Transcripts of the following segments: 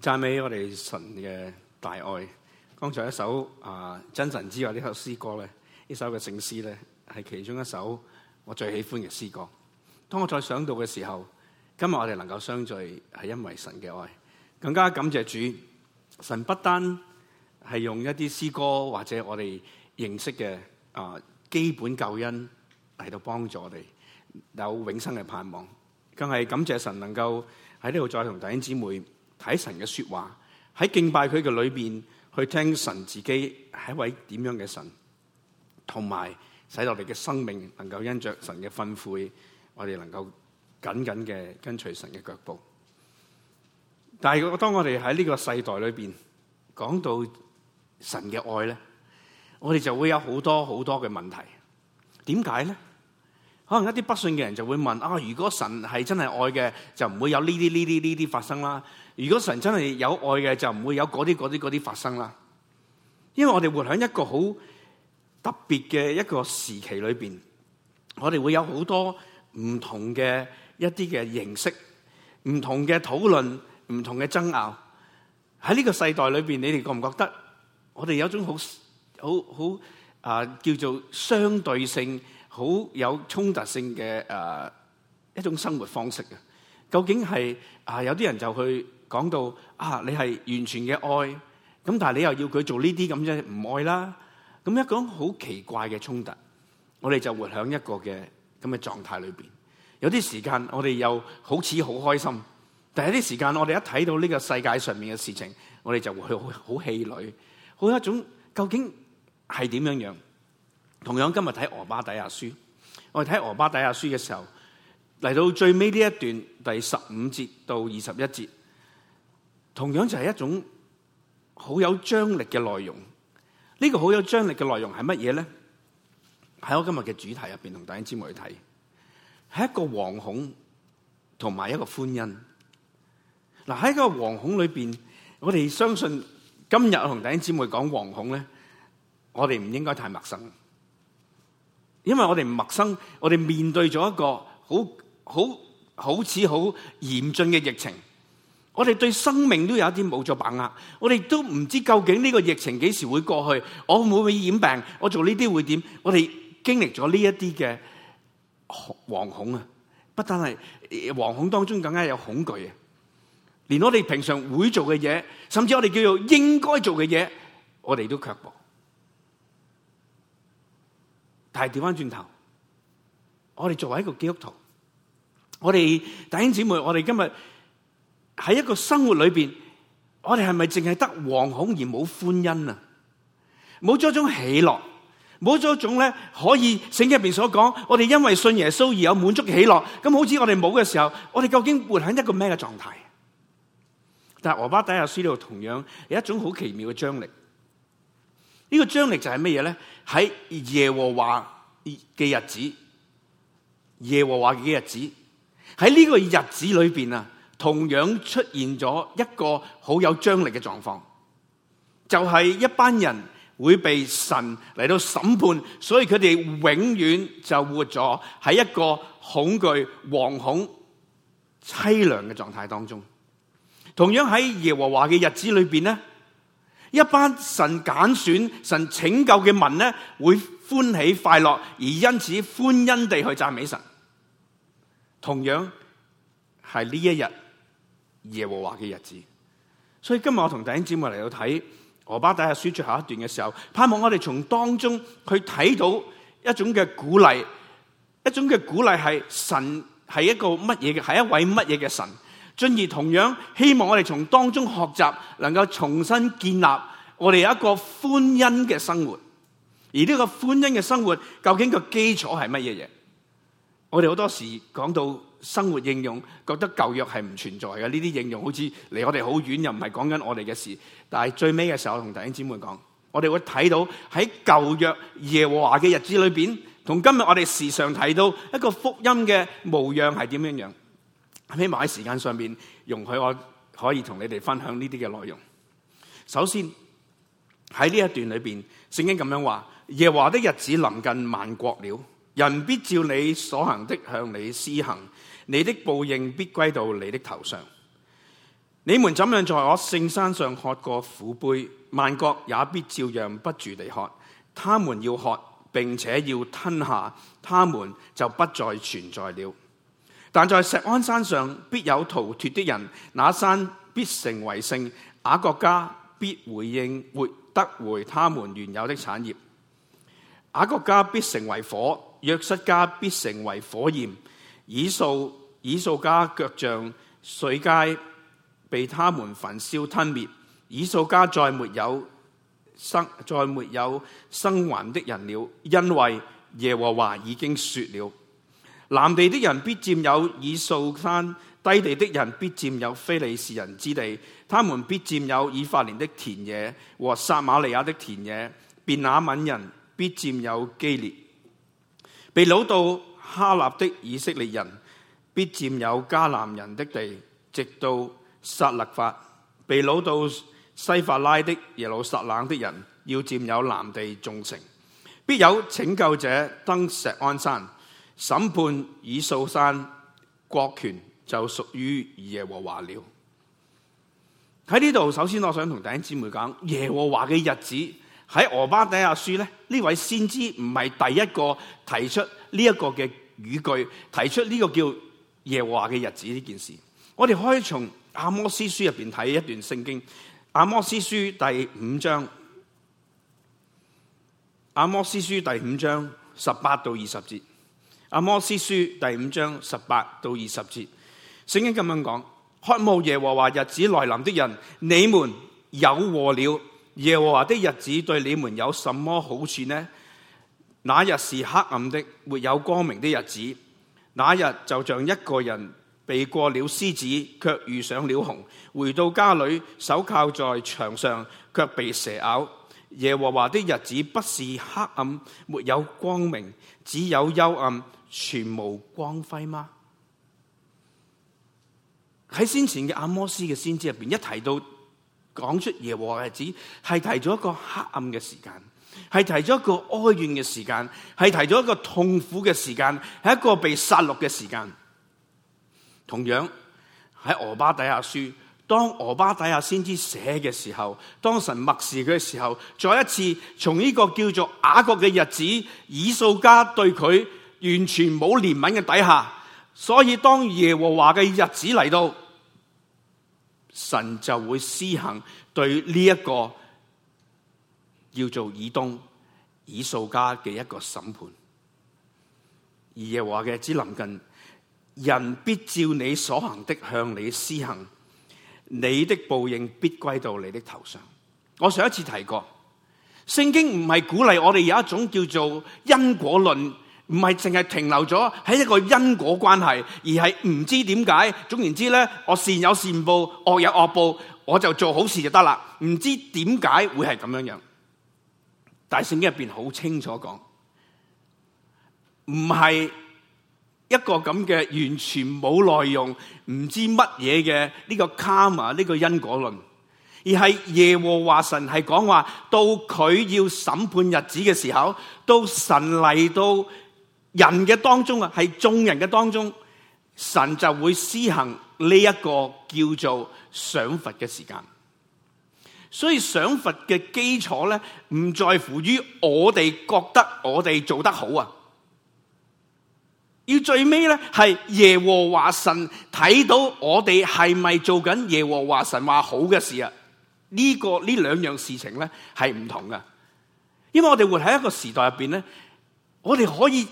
讚美我哋神嘅大愛。剛才一首啊真神之愛呢首詩歌咧，呢首嘅聖詩咧係其中一首我最喜歡嘅詩歌。當我再想到嘅時候，今日我哋能夠相聚係因為神嘅愛，更加感謝主。神不單係用一啲詩歌或者我哋認識嘅啊基本救恩嚟到幫助我哋有永生嘅盼望，更係感謝神能夠喺呢度再同弟兄姊妹。睇神嘅說話，喺敬拜佢嘅裏邊，去聽神自己係一位點樣嘅神，同埋使到我哋嘅生命能夠因着神嘅吩咐，我哋能夠緊緊嘅跟隨神嘅腳步。但係當我哋喺呢個世代裏邊講到神嘅愛咧，我哋就會有好多好多嘅問題。點解咧？可能一啲不信嘅人就會問，啊，如果神係真係愛嘅，就唔會有呢啲呢啲呢啲發生啦？如果神真係有愛嘅，就唔會有嗰啲嗰啲嗰啲發生啦。因為我哋活喺一個好特別嘅一個時期裏面，我哋會有好多唔同嘅一啲嘅形式、唔同嘅討論、唔同嘅爭拗。喺呢個世代裏面，你哋覺唔覺得我哋有一種好好好啊叫做相對性、好有衝突性嘅、啊、一種生活方式？究竟係啊有啲人就去。講到啊，你係完全嘅愛咁，但係你又要佢做呢啲咁啫，唔愛啦。咁一種好奇怪嘅衝突，我哋就活喺一個嘅咁嘅狀態裏邊。有啲時間我哋又好似好開心，但係有啲時間我哋一睇到呢個世界上面嘅事情，我哋就會好氣餒，好有一種究竟係點樣樣。同樣今日睇俄巴底亞書，我哋睇俄巴底亞書嘅時候，嚟到最尾呢一段第十五節到二十一節。同樣就係一種好有張力嘅內容。呢、這個好有張力嘅內容係乜嘢呢？喺我今日嘅主題入面，同弟兄姐妹去睇，係一個惶恐同埋一個歡欣。嗱喺一個惶恐裏面，我哋相信今日同弟兄姐妹講惶恐呢，我哋唔應該太陌生。因為我哋陌生，我哋面對咗一個好好好似好嚴峻嘅疫情。我哋對生命都有一啲冇咗把握，我哋都唔知究竟呢個疫情幾時會過去，我會唔會染病，我做呢啲會點？我哋經歷咗呢一啲嘅惶恐啊，不但係惶恐當中更加有恐懼啊，連我哋平常會做嘅嘢，甚至我哋叫做應該做嘅嘢，我哋都卻步。但係調翻轉頭，我哋作為一個基督徒，我哋弟兄姊妹，我哋今日。喺一個生活裏邊，我哋係咪淨係得惶恐而冇歡欣啊？冇咗一種喜樂，冇咗一種咧可以聖經入邊所講，我哋因為信耶穌而有滿足嘅喜樂。咁好似我哋冇嘅時候，我哋究竟活喺一個咩嘅狀態？但《俄巴底亞書》呢度同樣有一種好奇妙嘅張力。呢、呢個張力就係乜嘢咧？喺耶和華嘅日子，耶和華嘅日子喺呢個日子裏邊啊！同樣出現咗一個好有張力嘅狀況，就係一班人會被神嚟到審判，所以佢哋永遠就活咗喺一個恐懼、惶恐、淒涼嘅狀態當中。同樣喺耶和華嘅日子裏面，呢一班神揀選、神拯救嘅民咧，會歡喜快樂，而因此歡欣地去讚美神。同樣係呢一日。耶和華嘅日子，所以今日我同弟兄姊妹嚟到睇《俄巴底亞書》最後一段嘅時候，盼望我哋從當中去睇到一種嘅鼓勵，一種嘅鼓勵係神係一個乜嘢嘅，係一位乜嘢嘅神，進而同樣希望我哋從當中學習，能夠重新建立我哋有一個歡欣嘅生活，而呢個歡欣嘅生活究竟個基礎係乜嘢嘢？我哋好多時講到。生活應用覺得舊約係唔存在嘅，呢啲應用好似離我哋好遠，又唔係講緊我哋嘅事。但係最尾嘅時候，同弟兄姊妹講，我哋會睇到喺舊約耶和華嘅日子裏邊，同今日我哋時常提到一個福音嘅模樣係點樣樣。希望喺時間上面容許我可以同你哋分享呢啲嘅內容。首先喺呢一段裏邊，聖經咁樣話：耶和華的日子臨近，近萬國了。人必照你所行的向你施行，你的報應必歸到你的頭上。你們怎樣在我聖山上喝過苦杯，萬國也必照樣不住地喝。他們要喝，並且要吞下，他們就不再存在了。但在錫安山上必有逃脫的人，那山必成為聖，雅各家必回應，活得回他們原有的產業。雅各家必成為火。約瑟家必成為火焰，以掃以掃家腳像水界被他們焚燒吞滅，以掃家再沒有生再沒有生還的人了，因為耶和華已經說了，南地的人必占有以掃山，低地的人必占有非利士人之地，他們必占有以法蓮的田野和撒瑪利亞的田野，便雅憫人必占有基列。被擄到哈納的以色列人必佔有迦南人的地，直到撒勒法；被擄到西法拉的耶路撒冷的人要佔有南地眾城。必有拯救者登錫安山，審判以掃山，國權就屬於耶和華了。喺呢度，首先我想同弟兄姊妹講，耶和華嘅日子。喺俄巴底亞書咧，呢位先知唔係第一個提出呢一個嘅語句，提出呢個叫耶和華嘅日子呢件事。我哋可以從阿摩斯書入邊睇一段聖經。阿摩斯書第五章，阿摩斯書第五章十八到二十節。阿摩斯書第五章十八到二十節，聖經咁樣講：渴慕耶和華日子來臨的人，你們有禍了。耶和華的日子對你們有什麼好處呢？那日是黑暗的，沒有光明的日子。那日就像一個人避過了獅子，卻遇上了熊；回到家裏，手靠在牆上，卻被蛇咬。耶和華的日子不是黑暗，沒有光明，只有幽暗，全無光輝嗎？喺先前嘅阿摩斯嘅先知入邊，一提到。講出耶和華日子，係提咗一個黑暗嘅時間，係提咗一個哀怨嘅時間，係提咗一個痛苦嘅時間，係一個被殺戮嘅時間。同樣喺俄巴底亞書，當俄巴底亞先知寫嘅時候，當神默示佢嘅時候，再一次從呢個叫做雅各嘅日子，以掃家對佢完全冇憐憫嘅底下，所以當耶和華嘅日子嚟到。神就會施行對呢一個叫做以東、以掃家嘅一個審判。而耶和華嘅只臨近，人必照你所行的向你施行，你的報應必歸到你的頭上。我上一次提過，聖經唔係鼓勵我哋有一種叫做因果論。唔係淨係停留咗喺一個因果關係，而係唔知點解。總言之咧，我善有善報，惡有惡報，我就做好事就得啦。唔知點解會係咁樣樣？但聖經入邊好清楚講，唔係一個咁嘅完全冇內容、唔知乜嘢嘅呢個卡瑪呢個因果論，而係耶和華神係講話，到佢要審判日子嘅時候，都神嚟到。人嘅當中啊，係眾人嘅當中，神就會施行呢一個叫做賞罰嘅時間。所以賞罰嘅基礎咧，唔在乎於我哋覺得我哋做得好啊。要最尾咧，係耶和華神睇到我哋係咪做緊耶和華神話好嘅事啊？呢、這個呢兩樣事情咧係唔同噶。因為我哋活喺一個時代入邊咧，我哋可以。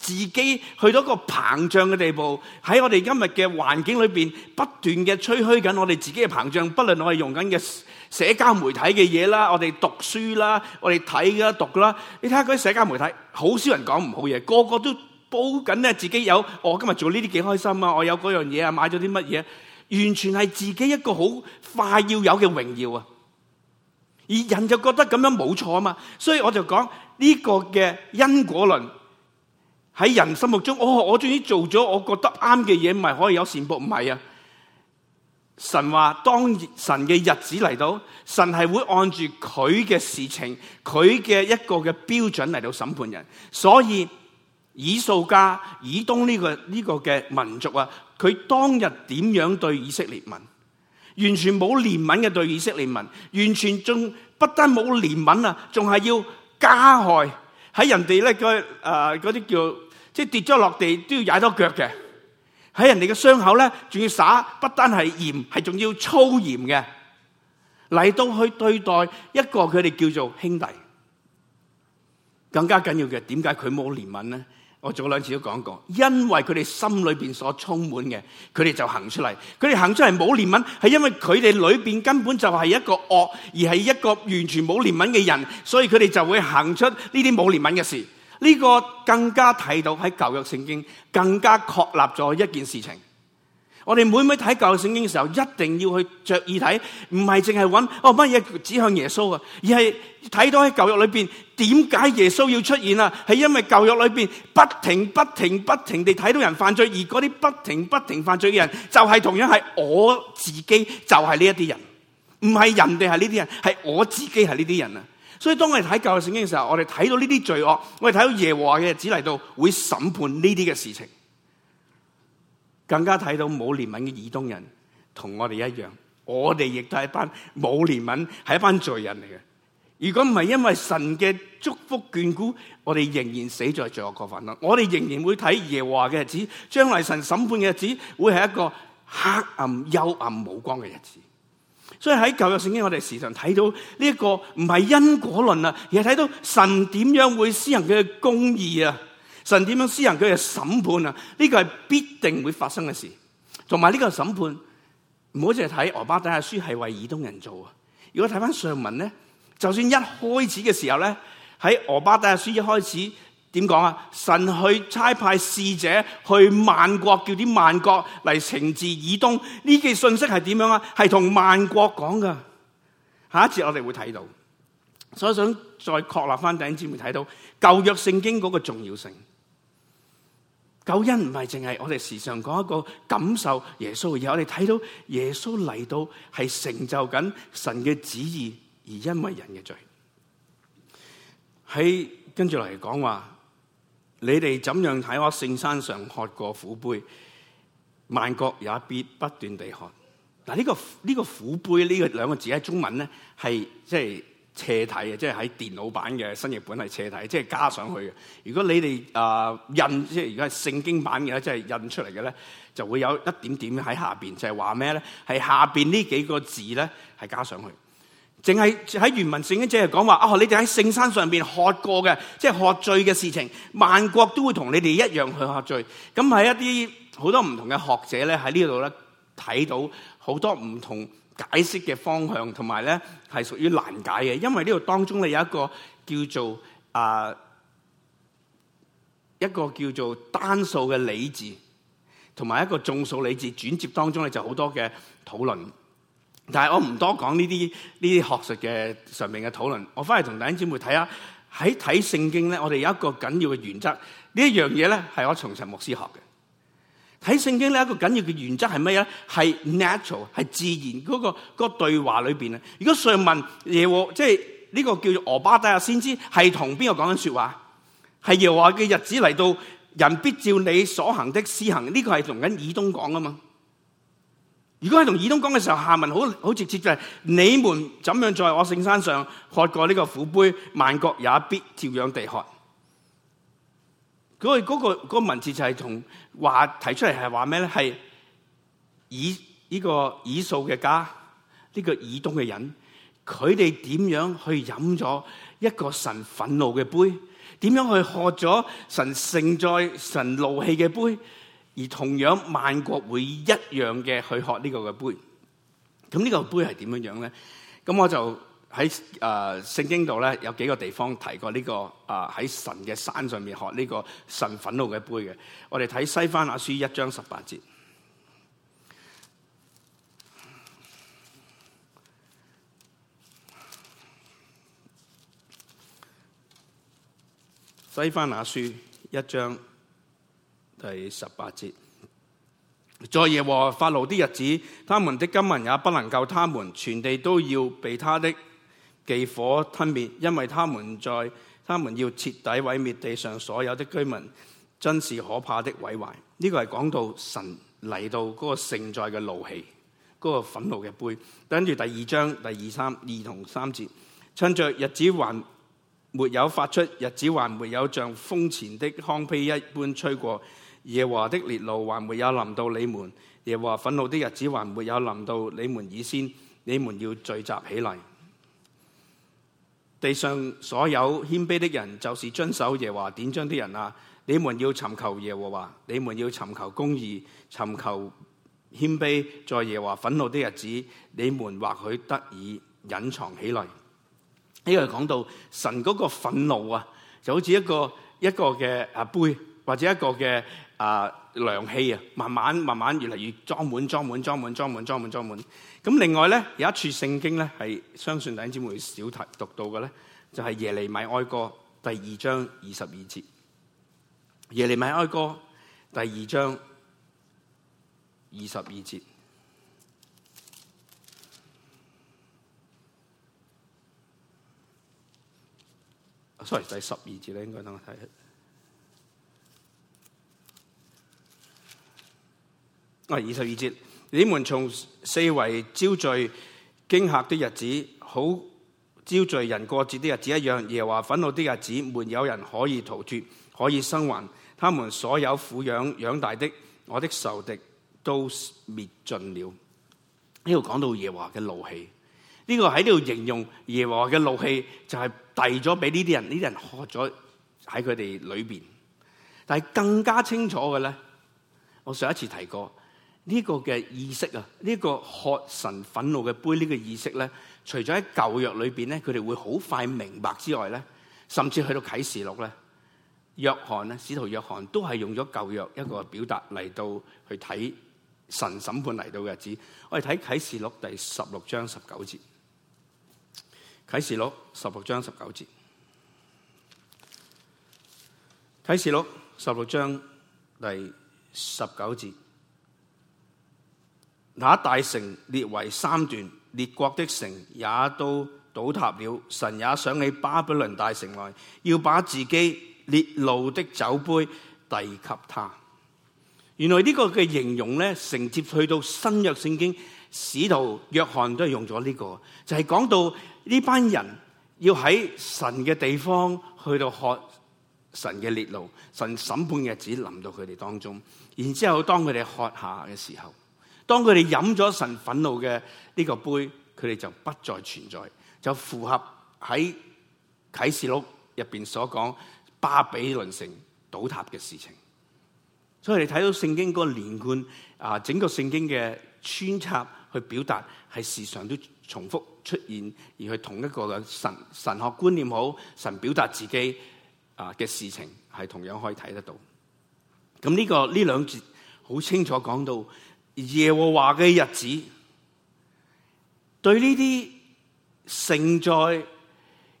自己去到一個膨脹嘅地步，喺我哋今日嘅環境裏面不斷嘅吹噓緊我哋自己嘅膨脹，不論我哋用緊嘅社交媒體嘅嘢啦，我哋讀書啦，我哋睇嘅讀啦，你睇下嗰啲社交媒體，好少人講唔好嘢，個個都煲緊咧自己有，我今日做呢啲幾開心啊，我有嗰樣嘢啊，買咗啲乜嘢，完全係自己一個好快要有嘅榮耀啊！而人就覺得咁樣冇錯啊嘛，所以我就講呢個嘅因果論。喺人心目中，哦，我終於做咗，我覺得啱嘅嘢，咪可以有善報？唔係啊！神話當神嘅日子嚟到，神係會按住佢嘅事情，佢嘅一個嘅標準嚟到審判人。所以以掃家以東呢個呢個嘅民族啊，佢當日點樣對以色列民？完全冇憐憫嘅對以色列民，完全仲不單冇憐憫啊，仲係要加害喺人哋咧個誒啲叫。跌咗落地都要踩多腳嘅，喺人哋嘅傷口咧，仲要撒，不單係鹽，係仲要粗鹽嘅，嚟到去對待一個佢哋叫做兄弟，更加緊要嘅，點解佢冇憐憫呢？我早兩次都講過，因為佢哋心裏邊所充滿嘅，佢哋就行出嚟，佢哋行出嚟冇憐憫，係因為佢哋裏邊根本就係一個惡，而係一個完全冇憐憫嘅人，所以佢哋就會行出呢啲冇憐憫嘅事。呢個更加睇到喺舊約聖經更加確立咗一件事情。我哋每每睇舊約聖經嘅時候，一定要去着意睇，唔係淨係揾哦乜嘢指向耶穌啊，而係睇到喺舊約裏邊點解耶穌要出現啊？係因為舊約裏邊不停不停不停地睇到人犯罪，而嗰啲不停不停犯罪嘅人就係同樣係我自己，就係呢一啲人，唔係人哋係呢啲人，係我自己係呢啲人啊所以當我哋睇舊嘅聖經嘅時候，我哋睇到呢啲罪惡，我哋睇到耶和華嘅日子嚟到會審判呢啲嘅事情，更加睇到冇憐憫嘅以東人同我哋一樣，我哋亦都係一班冇憐憫，係一班罪人嚟嘅。如果唔係因為神嘅祝福眷顧，我哋仍然死在罪惡過犯啦。我哋仍然會睇耶和華嘅日子，將來神審判嘅日子會係一個黑暗幽暗、冇光嘅日子。所以喺舊約聖經，我哋時常睇到呢一個唔係因果論啊，而係睇到神點樣會施行佢嘅公義啊，神點樣施行佢嘅審判啊？呢個係必定會發生嘅事。同埋呢個審判，唔好淨係睇《俄巴底亞書》係為以東人做啊。如果睇翻上文咧，就算一開始嘅時候咧，喺《俄巴底亞書》一開始。點講啊？神去差派使者去萬國，叫啲萬國嚟懲治以東。呢句信息係點樣啊？係同萬國講噶。下一節我哋會睇到。所以想再確立翻，弟兄姊妹睇到舊約聖經嗰個重要性。救恩唔係淨係我哋時常講一個感受耶穌嘅嘢，我哋睇到耶穌嚟到係成就緊神嘅旨意，而因為人嘅罪。喺跟住嚟講話。你哋怎樣喺我聖山上喝過苦杯，萬國也必不斷地喝。嗱、這個，呢、這個呢個苦杯呢個兩個字喺中文咧係即係斜體嘅，即係喺電腦版嘅新譯本係斜體，即、就、係、是、加上去嘅。如果你哋啊、呃、印即係而家聖經版嘅咧，即、就、係、是、印出嚟嘅咧，就會有一點點喺下邊，就係話咩咧？係下邊呢幾個字咧係加上去。淨係喺原文聖經者係講話啊！你哋喺聖山上邊喝過嘅，即係喝醉嘅事情，萬國都會同你哋一樣去喝醉。咁喺一啲好多唔同嘅學者咧，喺呢度咧睇到好多唔同解釋嘅方向，同埋咧係屬於難解嘅，因為呢度當中咧有一個叫做啊、呃、一個叫做單數嘅理字，同埋一個眾數理字轉接當中咧就好多嘅討論。但係我唔多講呢啲呢啲學術嘅上面嘅討論，我翻嚟同弟兄姊妹睇下喺睇聖經咧，我哋有一個緊要嘅原則呢一樣嘢咧，係我從神牧師學嘅。睇聖經呢，一個緊要嘅原則係乜嘢？係 natural，係自然嗰、嗰個、嗰個對話裏邊啊！如果上問耶和，即係呢、呢個叫做俄巴底亞先知，係同邊個講緊說話？係耶和華嘅日子嚟到，人必照你所行的施行。呢、呢個係同緊以東講㗎嘛。如果係同以東講嘅時候，下文好好直接就係、是：你們怎樣在我聖山上喝過呢個苦杯，萬國也必照樣地喝。所、那、嗰個、那個文字就係同話提出嚟，係話咩咧？係以呢、這個以掃嘅家，呢、這個以東嘅人，佢哋點樣去飲咗一個神憤怒嘅杯？點樣去喝咗神盛在神怒氣嘅杯？而同樣萬國會一樣嘅去喝呢個嘅杯，咁呢個杯係點樣樣咧？咁我就喺啊聖經度咧有幾個地方提過呢、這個啊喺、呃、神嘅山上面喝呢個神憤怒嘅杯嘅。我哋睇西番雅書一章十八節，西番雅書一章。第十八節，在耶和華發怒的日子，他們的金文也不能救他們，全地都要被他的忌火吞滅，因為他們在他們要徹底毀滅地上所有的居民，真是可怕的毀壞。呢、這個係講到神嚟到嗰個盛載嘅怒氣，嗰、那個憤怒嘅杯。跟住第二章第二三二同三節，趁着日子還沒有發出，日子還沒有像風前的糠秕一般吹過。耶華的烈怒還沒有臨到你們，耶華憤怒的日子還沒有臨到你們以先，你們要聚集起嚟。地上所有謙卑的人，就是遵守耶華典章的人啊！你們要尋求耶和華，你們要尋求公義，尋求謙卑，在耶華憤怒的日子，你們或許得以隱藏起嚟。呢個講到神嗰個憤怒啊，就好似一個一個嘅啊杯，或者一個嘅。啊、呃，涼氣啊，慢慢慢慢越嚟越裝滿，裝滿，裝滿，裝滿，裝滿，裝滿。咁另外咧，有一處聖經咧係相信弟兄姊妹少提讀到嘅咧，就係、是、耶利米哀歌第二章二十二節。耶利米哀歌第二章二十二節。哦、sorry，第十二節咧，應該等我睇。我二十二節，你們從四圍招聚驚嚇的日子，好招聚人過節的日子一樣。耶華憤怒的日子，沒有人可以逃脱，可以生還。他們所有撫養養大的我的仇敵都滅盡了。呢度講到耶華嘅怒氣，呢、這個喺呢度形容耶華嘅怒氣，就係遞咗俾呢啲人，呢啲人喝咗喺佢哋裏邊。但係更加清楚嘅咧，我上一次提過。呢個嘅意識啊，呢個喝神憤怒嘅杯，呢個意識咧，除咗喺舊約裏邊咧，佢哋會好快明白之外咧，甚至去到啟示錄咧，約翰咧，使徒約翰都係用咗舊約一個表達嚟到去睇神審判嚟到嘅日子。我哋睇啟示錄第十六章十九節。啟示錄十六章十九節。啟示錄十六章第十九節。那大城裂為三段，列國的城也都倒塌了。神也想起巴比倫大城來，要把自己烈怒的酒杯遞給他。原來呢個嘅形容咧，承接去到新約聖經，使徒約翰都係用咗呢、這個，就係、是、講到呢班人要喺神嘅地方去到喝神嘅烈怒，神審判嘅日子臨到佢哋當中，然之後當佢哋喝下嘅時候。當佢哋飲咗神憤怒嘅呢個杯，佢哋就不再存在，就符合喺啟示錄入邊所講巴比倫城倒塌嘅事情。所以你睇到聖經嗰個連貫啊，整個聖經嘅穿插去表達，係時常都重複出現，而係同一個嘅神神學觀念好，神表達自己啊嘅事情，係同樣可以睇得到。咁呢個呢兩節好清楚講到。耶和華嘅日子，對呢啲盛在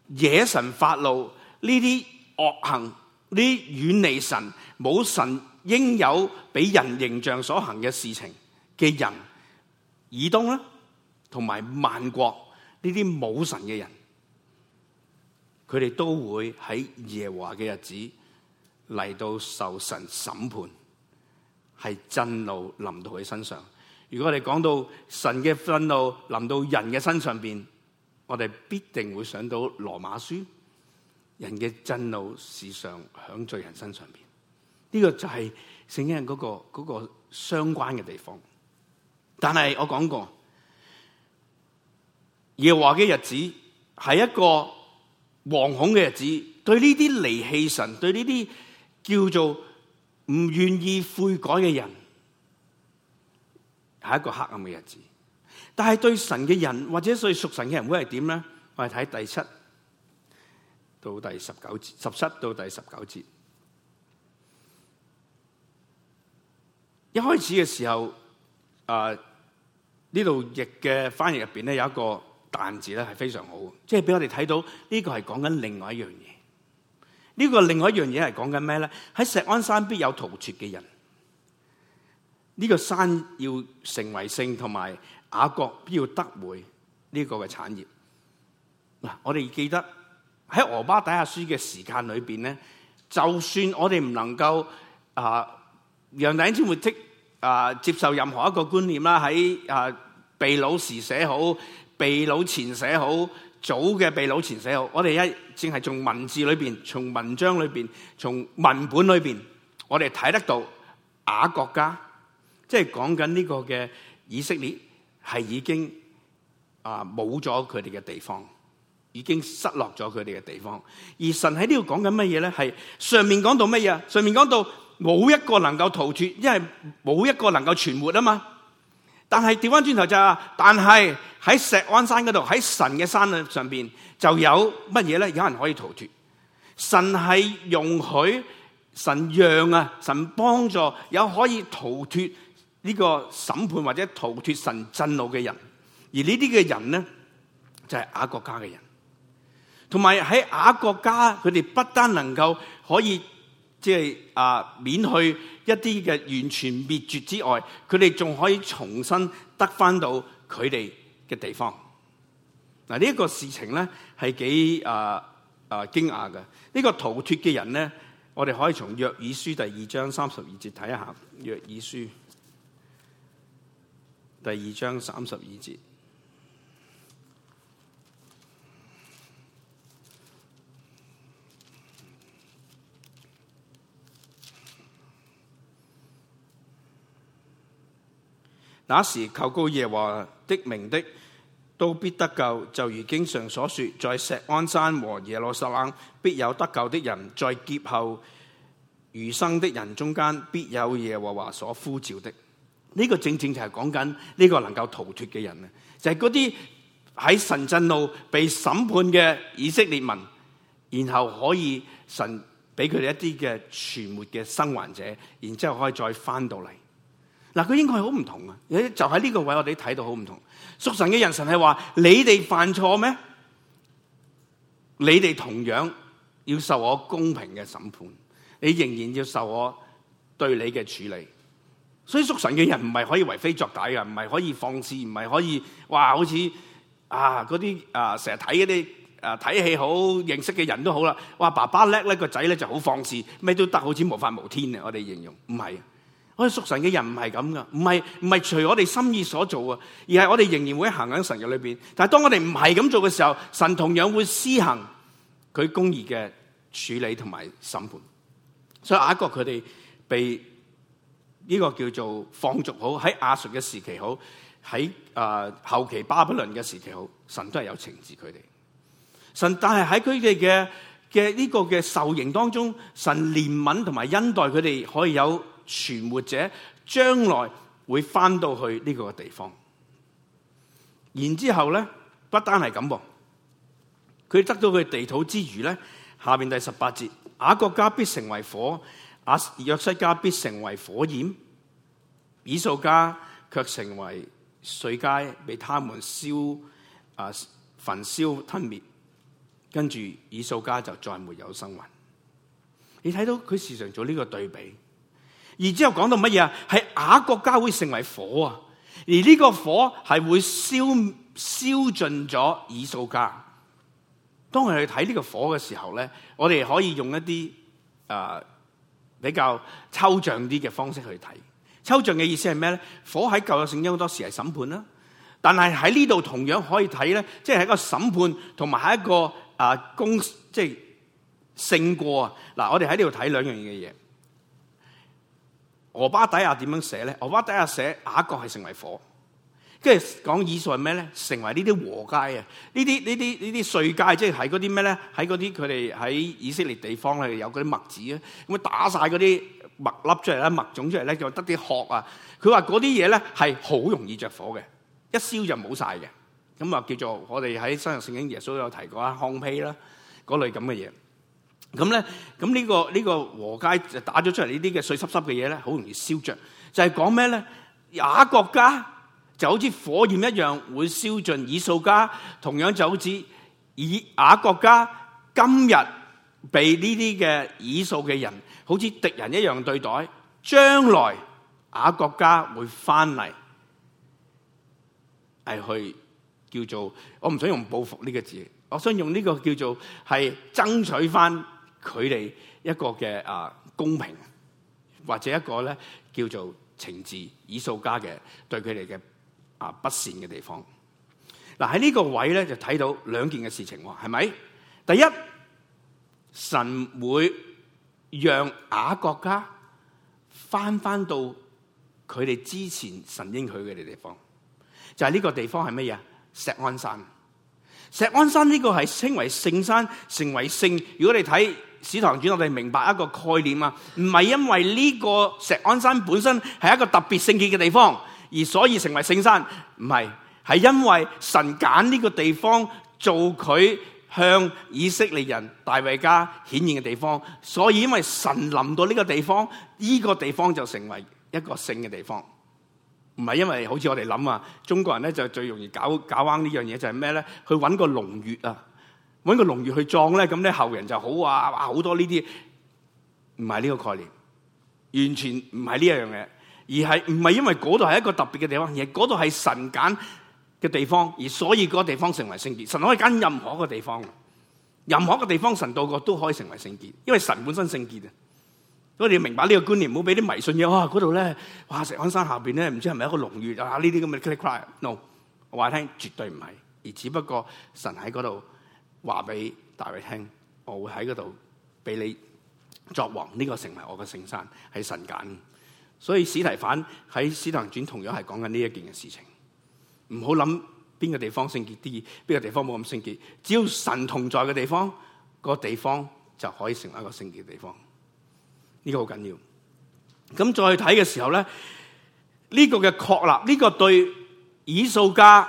惹神發怒、呢啲惡行、呢啲遠離神、冇神應有俾人形象所行嘅事情嘅人，以東啦，同埋萬國呢啲冇神嘅人，佢哋都會喺耶和華嘅日子嚟到受神審判。係震怒臨到佢身上。如果我哋講到神嘅憤怒臨到人嘅身上邊，我哋必定會想到羅馬書。人嘅震怒時常響在罪人身上邊。呢、呢個就係聖經人、嗰個嗰、嗰個相關嘅地方。但係我講過，耶和華嘅日子係一個惶恐嘅日子。對呢啲離棄神、對呢啲叫做……唔願意悔改嘅人，係一個黑暗嘅日子。但係對神嘅人或者對屬神嘅人會係點咧？我哋睇第七到第十九節，十七到第十九節。一開始嘅時候，啊呢度譯嘅翻譯入邊咧有一個但字咧係非常好嘅，即係俾我哋睇到呢個係講緊另外一樣嘢。呢、這個另外一樣嘢係講緊咩咧？喺錫安山必有逃脫嘅人。呢、這個山要成為聖，同埋雅各必要得回呢個嘅產業。嗱，我哋記得喺俄巴底亞書嘅時間裏邊咧，就算我哋唔能夠啊，羊頂天活跡啊，接受任何一個觀念啦，喺啊，被擄時寫好，被擄前寫好。早嘅秘魯前寫好，我哋一正係從文字裏邊，從文章裏邊，從文本裏邊，我哋睇得到雅各家，即係講緊呢個嘅以色列係已經啊冇咗佢哋嘅地方，已經失落咗佢哋嘅地方。而神喺呢度講緊乜嘢咧？係上面講到乜嘢啊？上面講到冇一個能夠逃脫，因為冇一個能夠存活啊嘛。但係掉返轉頭就係、但係喺石安山嗰度，喺神嘅山上邊就有乜嘢咧？有人可以逃脱。神係容許，神讓啊，神幫助有可以逃脱呢個審判或者逃脱神震怒嘅人。而這些人呢啲嘅人咧，就係、是、雅各家嘅人。同埋喺雅各家，佢哋不單能夠可以。即係啊，免去一啲嘅完全滅絕之外，佢哋仲可以重新得返到佢哋嘅地方。嗱、啊，呢、這、一個事情咧係幾啊啊驚訝嘅。呢、這個逃脱嘅人咧，我哋可以從約珥書第二章三十二節睇下。約珥書第二章三十二節。那時求告耶和華的名的，都必得救。就如經上所說，在錫安山和耶路撒冷，必有得救的人；在劫後餘生的人中間，必有耶和華所呼召的。呢、呢個正正就係講緊呢個能夠逃脫嘅人啊！就係嗰啲喺神震怒被審判嘅以色列民，然後可以神俾佢哋一啲嘅存活嘅生還者，然之後可以再翻到嚟。嗱，佢應該係好唔同啊！誒，就喺呢個位，我哋睇到好唔同。屬神嘅人，神係話：你哋犯錯咩？你哋同樣要受我公平嘅審判，你仍然要受我對你嘅處理。所以屬神嘅人唔係可以為非作歹嘅，唔係可以放肆，唔係可以話，好似啊嗰啲啊成日睇嗰啲啊睇戲好認識嘅人都好啦。話，爸爸叻咧，個仔咧就好放肆，咩都得，好似無法無天啊！我哋形容唔係。唔係可以屬神嘅人唔係咁噶唔係唔係隨我哋心意所做啊，而係我哋仍然會行喺神嘅裏邊。但係當我哋唔係咁做嘅時候，神同樣會施行佢公義嘅處理同埋審判。所以阿國佢哋被呢、這個叫做放逐好，喺亞述嘅時期好，喺後、呃、後期巴比倫嘅時期好，神都係有懲治佢哋。神但係喺佢哋嘅嘅呢個嘅受刑當中，神憐憫同埋恩待佢哋，可以有。存活者將來會翻到去呢個地方然，然之後咧，不單係咁，佢得到佢地土之餘咧，下邊第十八節，雅各家必成為火，亞約瑟家必成為火焰，以掃家卻成為碎稭，被他們燒啊、呃、焚燒吞滅，跟住以掃家就再沒有生還。你睇到佢時常做呢個對比。而之後講到乜嘢啊？係雅各家會成為火啊，而呢個火係會燒燒盡咗以掃家。當我哋去睇呢個火嘅時候咧，我哋可以用一啲誒、呃、比較抽象啲嘅方式去睇。抽象嘅意思係咩咧？火喺舊約聖經好多時係審判啦，但係喺呢度同樣可以睇咧，即係一個審判同埋一個啊、呃、公，即係勝過啊。嗱、呃，我哋喺呢度睇兩樣嘢嘅嘢。俄巴底亞點樣寫咧？俄巴底亞寫雅各係成為火，跟住講以掃係咩咧？成為呢啲禾秸啊，呢啲呢啲呢啲碎秸，即係喺嗰啲咩咧？喺嗰啲佢哋喺以色列地方咧，有嗰啲麥子啊，咁打晒嗰啲麥粒出嚟咧，麥種出嚟咧，就得啲殼啊。佢話嗰啲嘢咧係好容易着火嘅，一燒就冇晒嘅。咁啊叫做我哋喺新約聖經耶穌都有提過啊，糠皮啦嗰類咁嘅嘢。咁咧，咁呢個呢個和街打咗出嚟呢啲嘅碎濕濕嘅嘢咧，好容易燒著。就係講咩咧？雅各家就好似火焰一樣，會燒盡以掃家。同樣就好似以雅各家今日被呢啲嘅以掃嘅人，好似敵人一樣對待。將來雅各家會翻嚟，係去叫做我唔想用報復呢個字，我想用呢個叫做係爭取翻。佢哋一個嘅啊公平，或者一個咧叫做懲治以掃家嘅對佢哋嘅啊不善嘅地方。嗱，喺呢個位咧就睇到兩件嘅事情喎，係咪？第一，神會讓亞國家翻翻到佢哋之前神應許佢哋嘅地方，就係、是、呢個地方係咩啊？錫安山，錫安山呢個係稱為聖山，成為聖。如果你睇。史堂主，我哋明白一個概念啊，唔係因為呢個錫安山本身係一個特別聖潔嘅地方，而所以成為聖山，唔係，係因為神揀呢個地方做佢向以色列人、大衛家顯現嘅地方，所以因為神臨到呢個地方，呢、這個地方就成為一個聖嘅地方，唔係因為好似我哋諗，啊，中國人咧就最容易搞搞掹呢樣嘢，就係咩咧？去揾個龍穴啊！揾個龍穴去撞咧，咁咧後人就好啊！哇，好多呢啲唔係呢個概念，完全唔係呢一樣嘢，而係唔係因為嗰度係一個特別嘅地方，而嗰度係神揀嘅地方，而所以嗰個地方成為聖潔。神可以揀任何一個地方，任何一個地方神到過都可以成為聖潔，因為神本身聖潔啊！所以你要明白呢個觀念，唔好俾啲迷信嘅哇嗰度咧，哇，那裡呢，哇石安山下邊咧唔知係咪一個龍穴啊？呢啲咁嘅 no，我話你聽絕對唔係，而只不過神喺度。話俾大衛聽，我會喺嗰度俾你作王。呢、這個成為我嘅聖山，係神揀。所以，史提反喺《使徒行傳》同樣係講緊呢一件嘅事情。唔好諗邊個地方聖潔啲，邊個地方冇咁聖潔。只要神同在嘅地方，嗰個地方就可以成為一個聖潔嘅地方。呢、這個好緊要。咁再睇嘅時候咧，呢、這個嘅確立，呢、這個對以掃家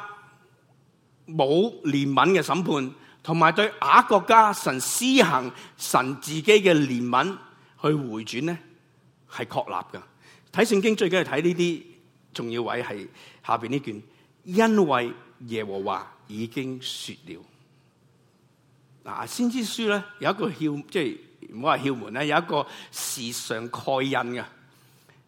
冇憐憫嘅審判。同埋對亞國家，神施行神自己嘅憐憫去回轉呢係確立㗎。睇聖經最緊要睇呢啲重要,是重要位置，係下面呢卷，因為耶和華已經說了。先知書呢有一個竅，即係唔好話竅門呢有一個事上蓋印㗎，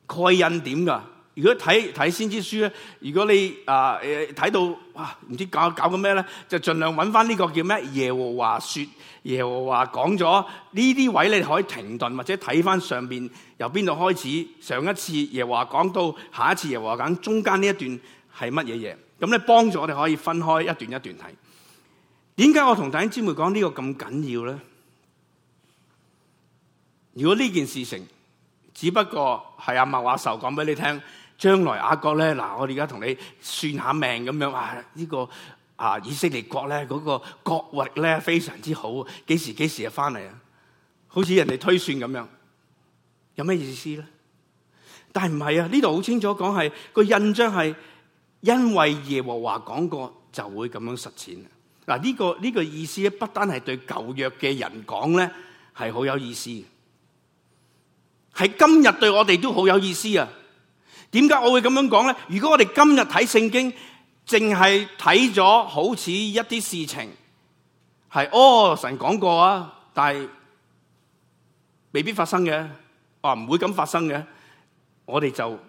蓋印點㗎？如果睇睇先知書咧，如果你啊誒睇到哇唔知搞搞緊咩咧，就儘量揾翻呢個叫咩耶和華説，耶和華講咗呢啲位，你可以停頓或者睇翻上邊由邊度開始，上一次耶和華講到下一次耶和華講，中間呢一段係乜嘢嘢？咁你幫助我哋可以分開一段一段睇。點解我同弟兄姊妹講呢個咁緊要咧？如果呢件事情只不過係阿默話受講俾你聽。將來阿國咧，嗱，我哋而家同你算下命咁樣，哇、啊！呢、這個啊以色列國咧，嗰、那個國域咧非常之好，幾時幾時就翻嚟啊？好似人哋推算咁樣，有咩意思咧？但係唔係啊？呢度好清楚講，係個印章係因為耶和華講過就會咁樣實踐。嗱、啊、呢、這個呢、這個意思咧，不單係對舊約嘅人講咧，係好有意思嘅，係今日對我哋都好有意思啊！點解我會咁樣講咧？如果我哋今日睇聖經，淨係睇咗好似一啲事情係哦，神講過啊，但係未必發生嘅，話唔會咁發生嘅，我哋就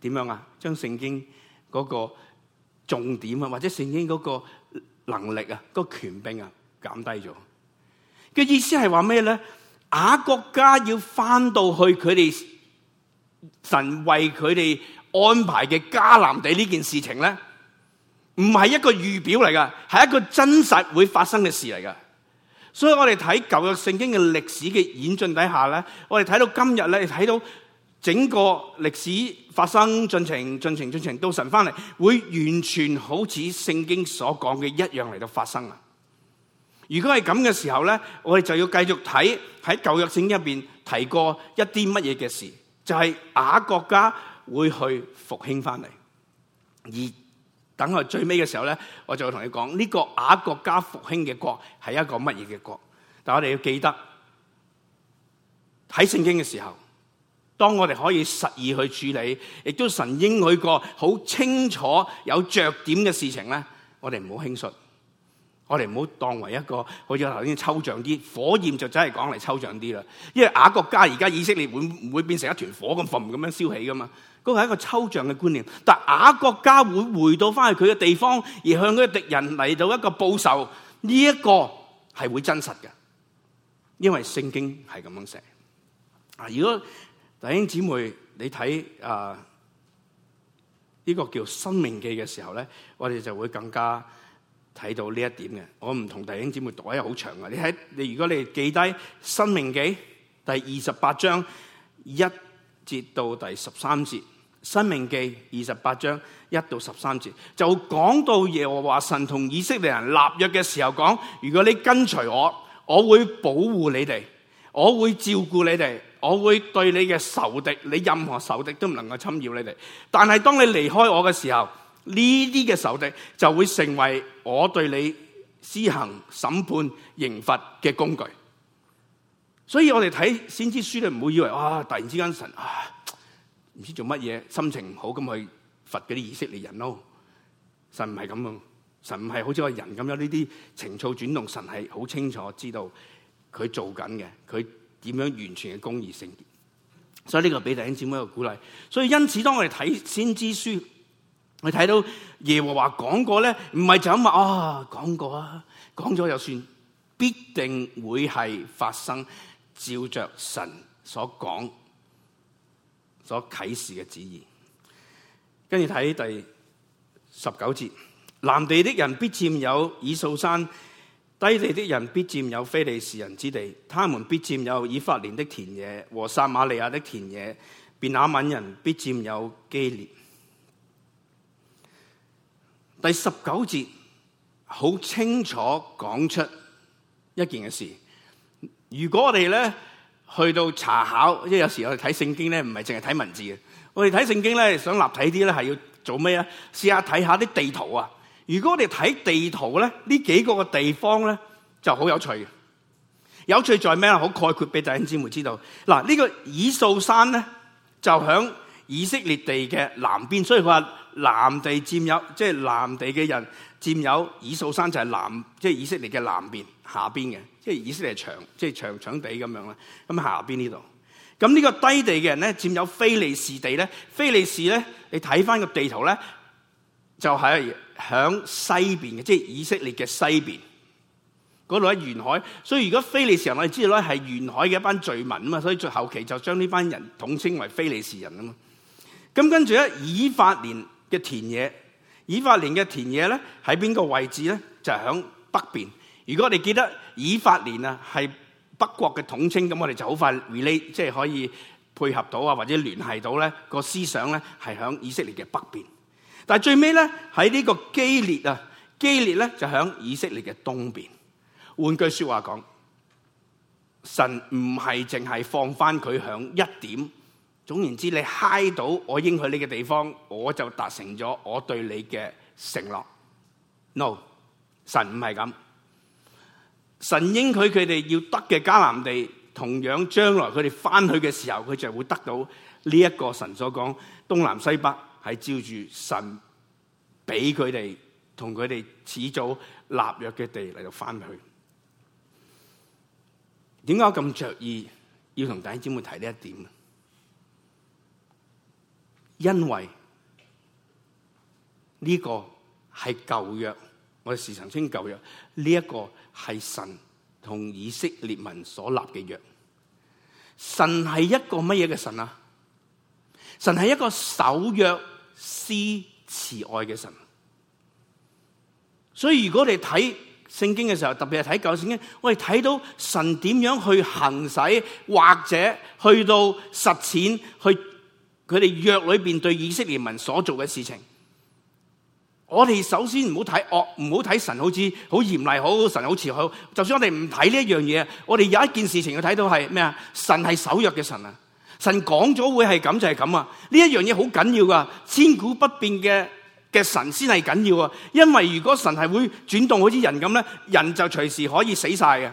點樣啊？將聖經嗰個重點啊，或者聖經嗰個能力啊，個權柄啊減低咗。嘅意思係話咩咧？雅國家要翻到去佢哋。神為佢哋安排嘅迦南地呢件事情咧，唔係一個預表嚟噶，係一個真實會發生嘅事嚟噶。所以我哋睇舊約聖經嘅歷史嘅演進底下咧，我哋睇到今日咧，睇到整個歷史發生進程、進程、進程，到神翻嚟會完全好似聖經所講嘅一樣嚟到發生啊！如果係咁嘅時候咧，我哋就要繼續睇喺舊約聖經入邊提過一啲乜嘢嘅事。就係、是、雅國家會去復興翻嚟，而等喺最尾嘅時候咧，我就會同你講呢、這個雅國家復興嘅國係一個乜嘢嘅國？但係我哋要記得睇聖經嘅時候，當我哋可以實意去處理，亦都神應許過好清楚有著點嘅事情咧，我哋唔好輕信。我哋唔好當為一個好似頭先抽象啲，火焰就真係講嚟抽象啲啦。因為雅各家而家以色列會會變成一團火咁焚咁樣燒起噶嘛，嗰個係一個抽象嘅觀念。但雅各家會回到翻去佢嘅地方，而向佢嘅敵人嚟到一個報仇，呢一個係會真實嘅，因為聖經係咁樣寫。啊，如果弟兄姊妹你睇啊呢個叫生命記嘅時候咧，我哋就會更加。睇到呢一點嘅，我唔同弟兄姊妹讀得好長嘅。你喺你，如果你記低《申命記》第二十八章一節到第十三節，《申命記》二十八章一到十三節，就講到耶和華神同以色列人立約嘅時候講，如果你跟隨我，我會保護你哋，我會照顧你哋，我會對你嘅仇敵，你任何仇敵都唔能夠侵擾你哋。但係當你離開我嘅時候，呢啲嘅仇敵就會成為我對你施行審判刑罰嘅工具，所以我哋睇先知書，你唔好以為哇，突然之間神啊唔知做乜嘢，心情唔好咁去罰嗰啲以色列人咯。神唔係咁啊，神唔係好似個人咁樣呢啲情操轉動。神係好清楚知道佢做緊嘅，佢點樣完全嘅公義性。所以呢個俾弟兄姊妹一個鼓勵。所以因此，當我哋睇先知書。我睇到耶和華講過呢，唔係就咁話啊！講過啊，講咗又算，必定會係發生，照着神所講所啟示嘅旨意。跟住睇第十九節，南地的人必佔有以掃山，低地的人必佔有非利士人之地，他們必佔有以法蓮的田野和撒馬利亞的田野，便雅憫人必佔有基列。第十九節好清楚講出一件嘅事。如果我哋咧去到查考，即係有時我哋睇聖經咧，唔係淨係睇文字嘅。我哋睇聖經咧，想立體啲咧，係要做咩啊？試下睇下啲地圖啊！如果我哋睇地圖咧，呢幾個嘅地方咧就好有趣嘅。有趣在咩啊？好概括俾弟兄姊妹知道。嗱，呢個以掃山咧就響以色列地嘅南邊，所以佢話。南地佔有，即係南地嘅人佔有以掃山，就係、是、南，即、就、係、是、以色列嘅南邊下邊嘅，即係以色列長，即係長長地咁樣啦。咁下邊呢度，咁、這、呢個低地嘅人咧佔有非利士地咧，非利士咧，你睇翻個地圖咧，就係、是、響西邊嘅，即、就、係、是、以色列嘅西邊嗰度喺沿海。所以如果非利士人我哋知道咧係沿海嘅一班罪民啊嘛，所以最後期就將呢班人統稱為非利士人啊嘛。咁跟住咧以法連。嘅田野，以法蓮嘅田野咧喺邊個位置咧？就喺北邊。如果我哋記得以法蓮啊係北國嘅統稱，咁我哋就好快 relate，即係可以配合到啊，或者聯繫到咧個思想咧係喺以色列嘅北邊。但係最尾咧喺呢個基列啊，基列咧就喺以色列嘅東邊。換句說話講，神唔係淨係放翻佢響一點。總言之，你嗨到我應許呢個地方，我就達成咗我對你嘅承諾。No，神唔係咁，神應許佢哋要得嘅迦南地，同樣將來佢哋翻去嘅時候，佢就會得到呢一個神所講東南西北係照住神俾佢哋同佢哋始祖立約嘅地嚟到翻去。點解我咁着意要同弟兄姊妹提呢一點？因為呢個係舊約，我哋時常稱舊約。呢一個係神同以色列民所立嘅約。神係一個乜嘢嘅神啊？神係一個守約、施慈愛嘅神。所以如果你睇聖經嘅時候，特別係睇舊聖經，我哋睇到神點樣去行使，或者去到實踐去。佢哋約裏邊對以色列民所做嘅事情，我哋首先唔好睇，惡，唔好睇神好似好嚴厲，好神好似好。就算我哋唔睇呢一樣嘢，我哋有一件事情要睇到係咩啊？神係守約嘅神啊，神講咗會係咁就係咁啊！呢一樣嘢好緊要噶，千古不變嘅嘅神先係緊要啊！因為如果神係會轉動好似人咁咧，人就隨時可以死晒嘅。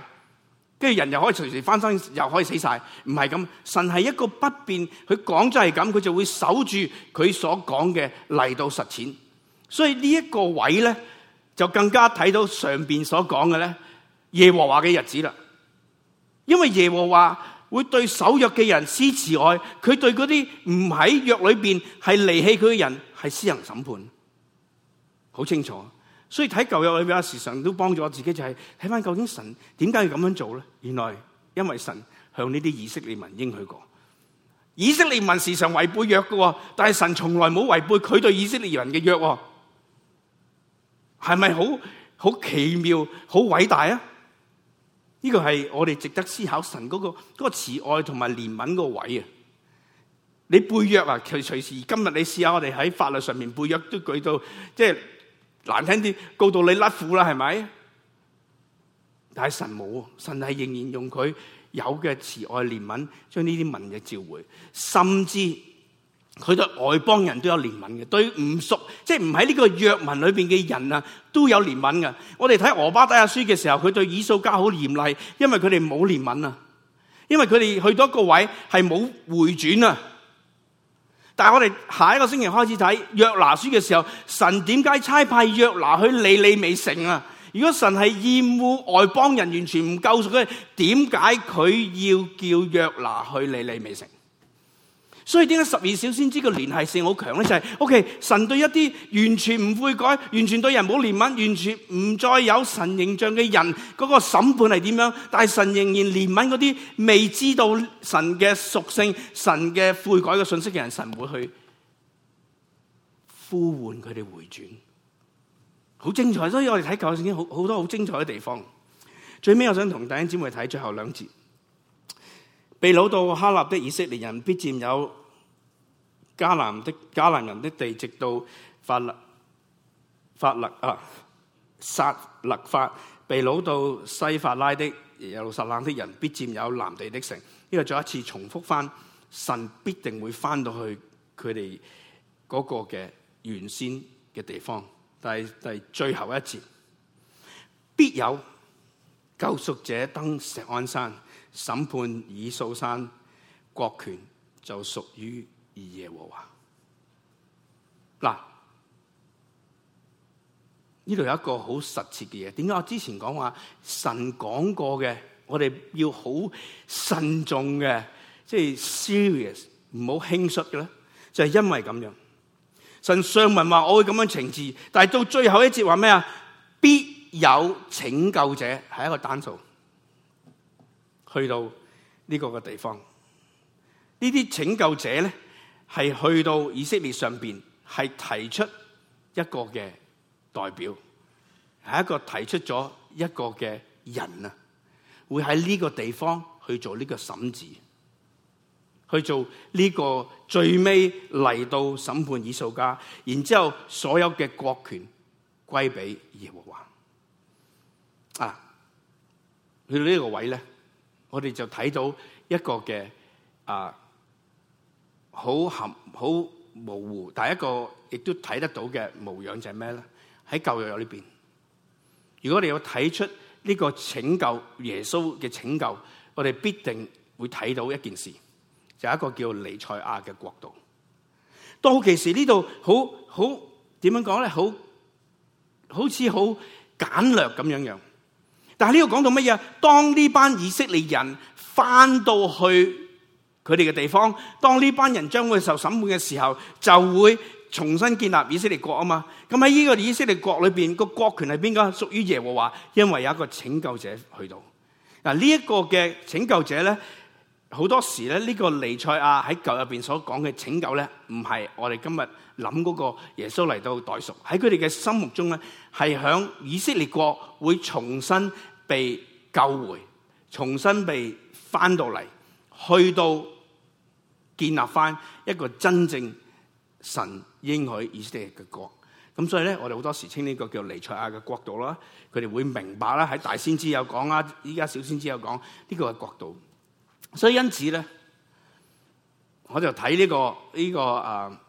跟住人又可以隨時翻身，又可以死晒。唔係咁。神係一個不變，佢講就係咁，佢就會守住佢所講嘅嚟到實踐。所以呢一個位咧，就更加睇到上邊所講嘅咧，耶和華嘅日子啦。因為耶和華會對守約嘅人施慈愛，佢對嗰啲唔喺約裏邊係離棄佢嘅人係施行審判，好清楚。所以睇舊約裏邊啊，時常都幫助我自己，就係睇翻究竟神點解要咁樣做咧？原來因為神向呢啲以色列民應許過，以色列民時常違背約嘅，但係神從來冇違背佢對以色列人嘅約，係咪好好奇妙，好偉大啊？呢個係我哋值得思考神嗰、嗰個、嗰個慈愛同埋憐憫個位啊！你背約啊？隨隨時今日你試下，我哋喺法律上面背約都舉到，即係。難聽啲，告到你甩褲啦，係咪？但係神冇，神係仍然用佢有嘅慈愛憐憫，將呢啲民嘅召回。甚至佢對外邦人都有憐憫嘅，對唔熟，即係唔喺呢個約民裏邊嘅人啊，都有憐憫嘅。我哋睇俄巴底亞書嘅時候，佢對以掃家好嚴厲，因為佢哋冇憐憫啊，因為佢哋去到一個位係冇回轉啊。但是我哋下一個星期開始睇約拿書嘅時候，神點解差派約拿去尼尼微城啊？如果神係厭惡外邦人完全唔救贖嘅，點解佢要叫約拿去尼尼微城？所以點解十二小先知嘅聯繫性好強呢？就係 o、OK, K，神對一啲完全唔悔改，完全對人冇憐憫，完全唔再有神形象嘅人，嗰、那個審判係點樣？但係神仍然憐憫嗰啲未知道神嘅屬性、神嘅悔改嘅信息嘅人，神會去呼喚佢哋回轉。好精彩！所以我哋睇舊聖經好好多好精彩嘅地方。最尾我想同弟兄姊妹睇最後兩節。被擄到哈拉的以色列人必佔有迦南的迦南人的地，直到法律法律啊撒勒法。被擄到西法拉的耶路撒冷的人必佔有南地的城。呢、這個再一次重複返，神必定會返到去佢哋嗰個嘅原先嘅地方。但係但係最後一節，必有救贖者登錫安山。審判以掃山國權就屬於耶和華。嗱，呢度有一個好實切嘅嘢，點解我之前講話神講過嘅，我哋要好慎重嘅，即係 serious，唔好輕率嘅咧，就係因為咁樣。神上文話：我會咁樣懲治，但係到最後一節話咩啊？必有拯救者，係一個單數。去到呢個嘅地方，呢啲拯救者咧，係去到以色列上邊，係提出一個嘅代表，係一個提出咗一個嘅人啊，會喺呢個地方去做呢個審治，去做呢個最尾嚟到審判以掃家，然之後所有嘅國權歸俾耶和華啊！去到呢個位咧。我哋就睇到一個嘅，啊好含好模糊，但係一個亦都睇得到嘅模樣就係咩咧？喺舊約呢邊，如果你要睇出呢個拯救耶穌嘅拯救，我哋必定會睇到一件事，就係一個叫尼賽亞嘅國度。到其時呢度好好點樣講咧？好好似好簡略咁樣樣。但係呢個講到乜嘢？當呢班以色列人翻到去佢哋嘅地方，當呢班人將會受審判嘅時候，就會重新建立以色列國啊嘛！咁喺呢個以色列國裏邊，個國權係邊個？屬於耶和華，因為有一個拯救者去到。嗱，呢一個嘅拯救者咧。好多時咧，呢、這個彌賽亞喺舊入邊所講嘅拯救咧，唔係我哋今日諗嗰個耶穌嚟到代贖。喺佢哋嘅心目中咧，係響以色列國會重新被救回，重新被翻到嚟，去到建立翻一個真正神應許以色列嘅國。咁所以咧，我哋好多時稱呢個叫彌賽亞嘅國度啦。佢哋會明白啦，喺大先知有講啊，依家小先知有講，呢、這個係國度。所以因此咧，我就睇呢、這個呢、這個啊、呃、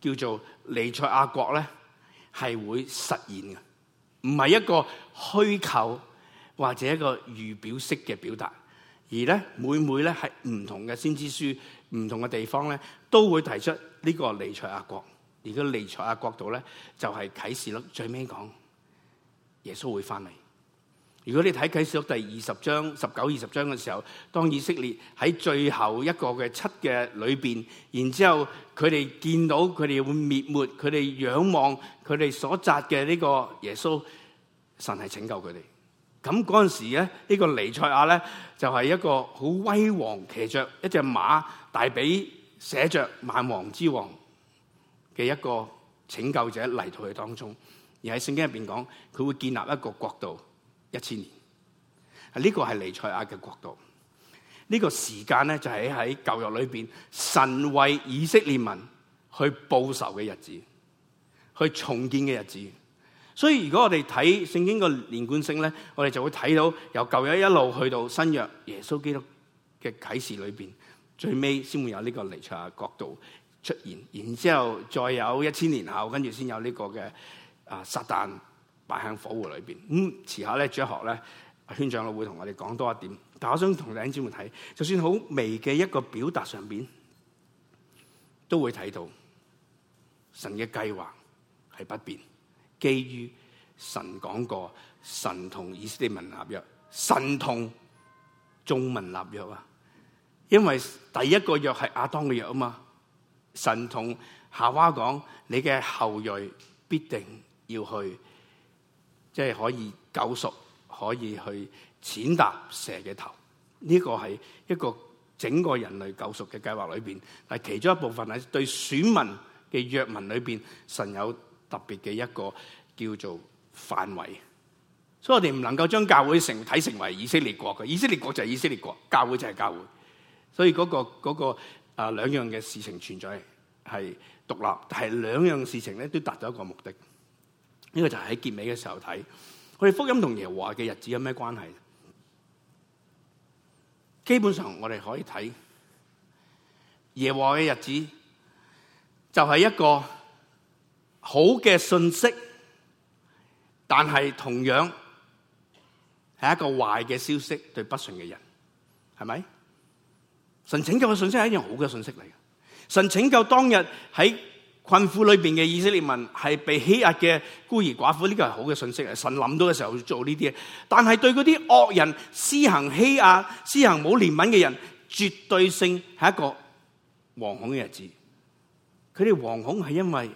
叫做彌賽亞國咧，係會實現嘅，唔係一個虛構或者一個預表式嘅表達，而咧每每咧係唔同嘅先知書唔同嘅地方咧，都會提出呢個彌賽亞國，而喺彌賽亞國度咧就係、是、啟示錄，最尾講耶穌會翻嚟。如果你睇啟示錄第二十章十九、二十章嘅時候，當以色列喺最後一個嘅七嘅裏邊，然之後佢哋見到佢哋會滅沒，佢哋仰望佢哋所扎嘅呢個耶穌，神係拯救佢哋。咁嗰陣時咧，呢、這個彌賽亞咧就係、是、一個好威煌騎着一隻馬，大髀寫着萬王之王嘅一個拯救者嚟到佢當中。而喺聖經入邊講，佢會建立一個國度。一千年，呢、這個係彌賽亞嘅國度，呢、這個時間咧就係喺舊約裏邊神為以色列民去報仇嘅日子，去重建嘅日子。所以如果我哋睇聖經個連貫性咧，我哋就會睇到由舊約一路去到新約耶穌基督嘅啟示裏邊，最尾先會有呢個彌賽亞國度出現，然之後再有一千年後，跟住先有呢個嘅啊撒旦。擺喺火湖裏邊。咁遲下咧，主一學咧，宣長老會同我哋講多一點。但我想同弟兄姊妹睇，就算好微嘅一個表達上邊，都會睇到神嘅計劃係不變，基於神講過，神同以色列民立約，神同眾民立約啊。因為第一個約係亞當嘅約啊嘛，神同夏娃講：你嘅後裔必定要去即、就、係、是、可以救贖，可以去踐踏蛇嘅頭。呢、這個係一個整個人類救贖嘅計劃裏面，但其中一部分係對選民嘅約文裏面，神有特別嘅一個叫做範圍。所以我哋唔能夠將教會成體成為以色列國嘅，以色列國就係以色列國，教會就係教會。所以嗰、那個、那個那個、啊兩樣嘅事情存在係獨立，但係兩樣事情咧都達到一個目的。呢個就係喺結尾嘅時候睇，佢哋福音同耶和華嘅日子有咩關係？基本上我哋可以睇耶和華嘅日子就係一個好嘅信息，但係同樣係一個壞嘅消息對不信嘅人，係咪？神拯救嘅信息係一樣好嘅信息嚟，神拯救當日喺。困苦裏面的以色列民是被欺壓的孤兒寡婦，這個係好的信息。神諗到的時候做這些，但是對那些惡人施行欺壓、施行冇憐憫的人，絕對性係一個惶恐的日子。他哋惶恐是因為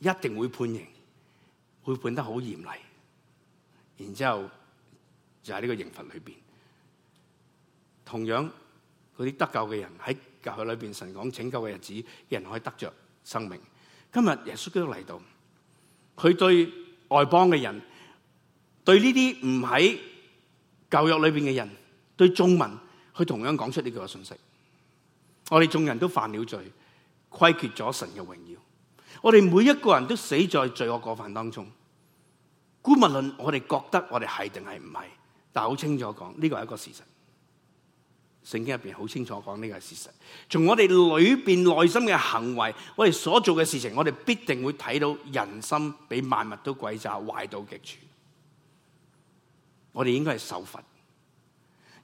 一定會判刑，會判得很嚴厲，然之後就在這個刑罰裏面，同樣。嗰啲得救嘅人喺教會裏邊神講拯救嘅日子，人可以得着生命。今日耶穌基督嚟到，佢對外邦嘅人，對呢啲唔喺教育裏邊嘅人，對眾民，佢同樣講出呢個嘅信息。我哋眾人都犯了罪，虧缺咗神嘅榮耀。我哋每一個人都死在罪惡過犯當中。姑勿論我哋覺得我哋係定係唔係，但係好清楚講呢個係一個事實。聖經入邊好清楚講呢個係事實，從我哋裏邊內心嘅行為，我哋所做嘅事情，我哋必定會睇到人心比萬物都詭詐，壞到極處。我哋應該係受罰。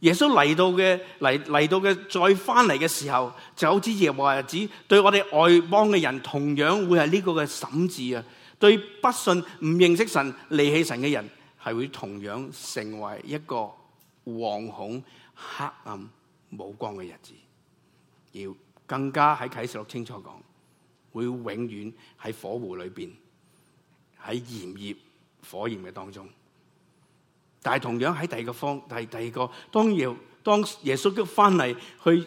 耶穌嚟到嘅嚟嚟到嘅再翻嚟嘅時候，就好似耶和華日子對我哋外邦嘅人，同樣會係呢個嘅審判啊！對不信、唔認識神、離棄神嘅人，係會同樣成為一個惶恐、黑暗冇光嘅日子，要更加喺啟示錄清楚講，會永遠喺火湖裏邊，喺炎熱火焰嘅當中。但係同樣喺第二個方，第第二個當要當耶穌都翻嚟去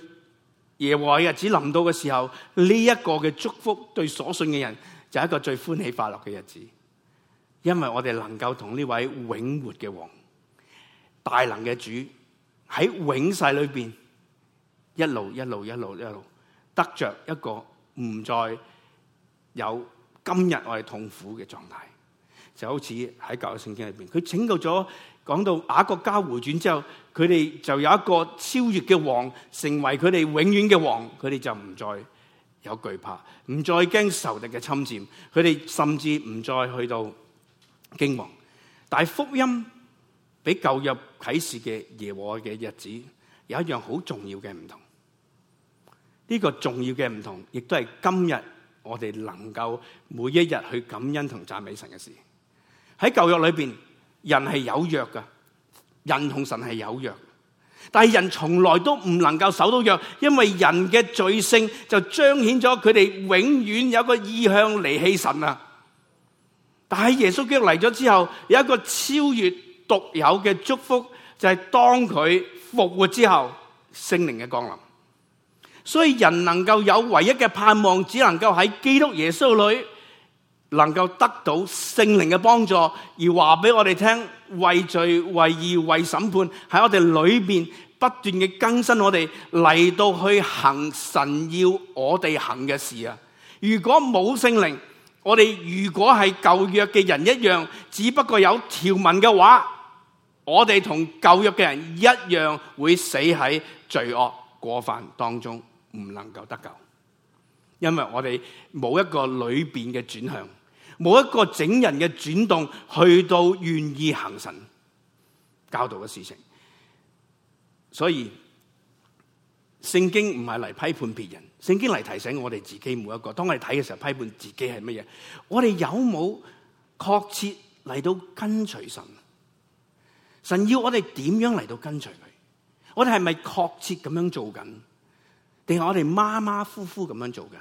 耶和華嘅日子臨到嘅時候，呢、這、一個嘅祝福對所信嘅人就係、一個最歡喜快樂嘅日子，因為我哋能夠同呢位永活嘅王、大能嘅主喺永世裏邊。一路一路一路一路得着一個唔再有今日我哋痛苦嘅狀態，就好似喺舊約聖經入邊，佢拯救咗講到雅各家回轉之後，佢哋就有一個超越嘅王，成為佢哋永遠嘅王，佢哋就唔再有懼怕，唔再驚仇敵嘅侵佔，佢哋甚至唔再去到驚惶。但係福音俾舊約啟示嘅耶和華嘅日子，有一樣好重要嘅唔同。呢個重要嘅唔同，亦都係今日我哋能夠每一日去感恩同讚美神嘅事。喺舊約裏邊，人係有約噶，人同神係有約，但係人從來都唔能夠守到約，因為人嘅罪性就彰顯咗佢哋永遠有一個意向離棄神啊！但係耶穌基督嚟咗之後，有一個超越獨有嘅祝福，就係當佢復活之後，聖靈嘅降臨。所以人能夠有唯一嘅盼望，只能夠喺基督耶穌裏能夠得到聖靈嘅幫助，而話俾我哋聽，為罪、為義、為審判，喺我哋裏面不斷嘅更新我哋，嚟到去行神要我哋行嘅事啊！如果冇聖靈，我哋如果係舊約嘅人一樣，只不過有條文嘅話，我哋同舊約嘅人一樣會死喺罪惡過犯當中。唔能夠得救，因為我哋冇一個裏邊嘅轉向，冇一個整人嘅轉動，去到願意行神教導嘅事情。所以聖經唔係嚟批判別人，聖經嚟提醒我哋自己每一個。當我哋睇嘅時候，批判自己係乜嘢？我哋有冇確切嚟到跟隨神？神要我哋點樣嚟到跟隨佢？我哋係咪確切咁樣做緊？定係我哋馬馬虎虎咁樣做緊。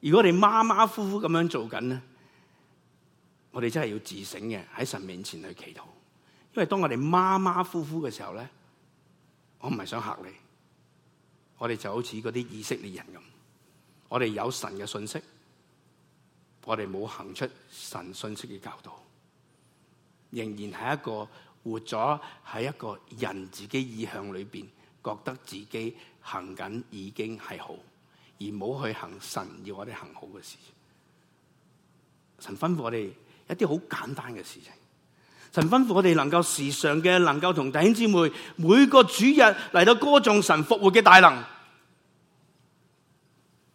如果我哋馬馬虎虎咁樣做緊咧，我哋真係要自省嘅，喺神面前去祈禱。因為當我哋馬馬虎虎嘅時候咧，我唔係想吓你，我哋就好似嗰啲以色列人咁，我哋有神嘅信息，我哋冇行出神信息嘅教導，仍然係一個活咗喺一個人自己意向裏邊，覺得自己。行緊已經係好，而冇去行神要我哋行好嘅事情。神吩咐我哋一啲好簡單嘅事情。神吩咐我哋能夠時常嘅，能夠同弟兄姊妹每個主日嚟到歌頌神復活嘅大能。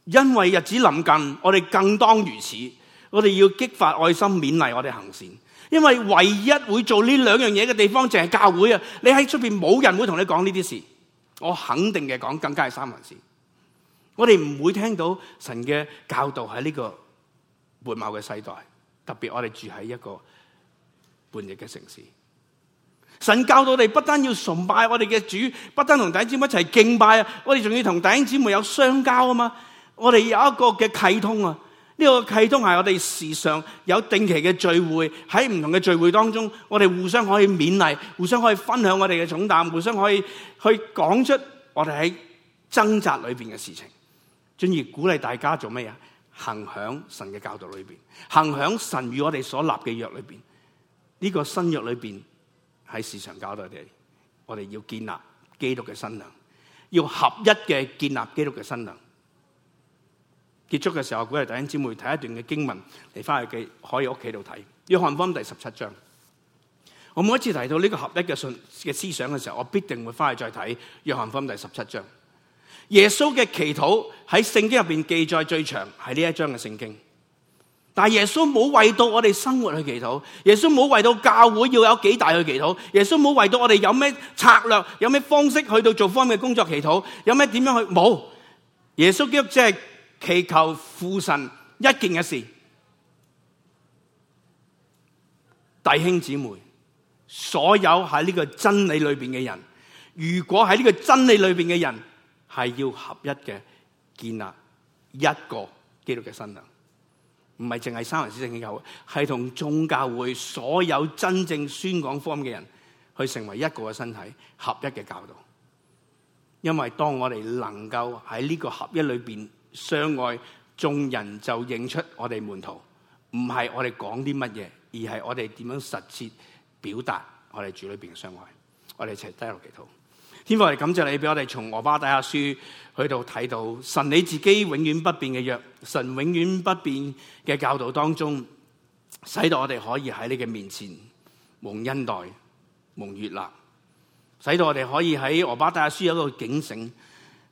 因為日子臨近，我哋更當如此。我哋要激發愛心，勉勵我哋行善。因為唯一會做呢兩樣嘢嘅地方，淨係教會啊！你喺出邊冇人會同你講呢啲事。我肯定嘅講，更加係三文士。我哋唔會聽到神嘅教導喺呢個半茂嘅世代，特別我哋住喺一個半日嘅城市。神教導我們不單要崇拜我哋嘅主，不單同弟兄姊妹一齊敬拜，我哋仲要同弟兄姊妹有相交啊嘛。我哋有一個嘅契通啊。呢、個契通係我哋時常有定期嘅聚會，喺唔同嘅聚會當中，我哋互相可以勉勵，互相可以分享我哋嘅重擔，互相可以去講出我哋喺掙扎裏邊嘅事情，進而鼓勵大家做咩啊？行響神嘅教導裏邊，行響神與我哋所立嘅約裏邊，呢、個新約裏邊喺時常教導我哋，我哋要建立基督嘅身量，要合一嘅建立基督嘅身量。結束嘅時候，鼓勵弟兄姊妹睇一段嘅經文嚟，翻去記，可以屋企度睇《約翰福音》第十七章。我每一次提到呢個合一嘅信嘅思想嘅時候，我必定會翻去再睇《約翰福音》第十七章。耶穌嘅祈禱喺聖經入邊記載最長係呢一章嘅聖經。但係耶穌冇為到我哋生活去祈禱，耶穌冇為到教會要有幾大去祈禱，耶穌冇為到我哋有咩策略，有咩方式去到做方面嘅工作祈禱，有咩點樣去冇？耶穌基督即係。祈求父神一件嘅事，弟兄姊妹，所有喺呢個真理裏邊嘅人，如果喺呢個真理裏邊嘅人係要合一嘅，建立一個基督嘅身體，唔係淨係三思想的教會，係同眾教會所有真正宣講福音嘅人去成為一個嘅身體，合一嘅教導。因為當我哋能夠喺呢個合一裏邊。相愛，眾人就認出我哋門徒，唔係我哋講啲乜嘢，而係我哋點樣實踐表達我哋主裏邊嘅相愛。我哋一齊低頭祈禱，天父，我哋感謝你，俾我哋從俄巴底亞書去到睇到神你自己永遠不變嘅約，神永遠不變嘅教導當中，使到我哋可以喺你嘅面前蒙恩待，蒙悅納，使到我哋可以喺俄巴底亞書有一個警醒，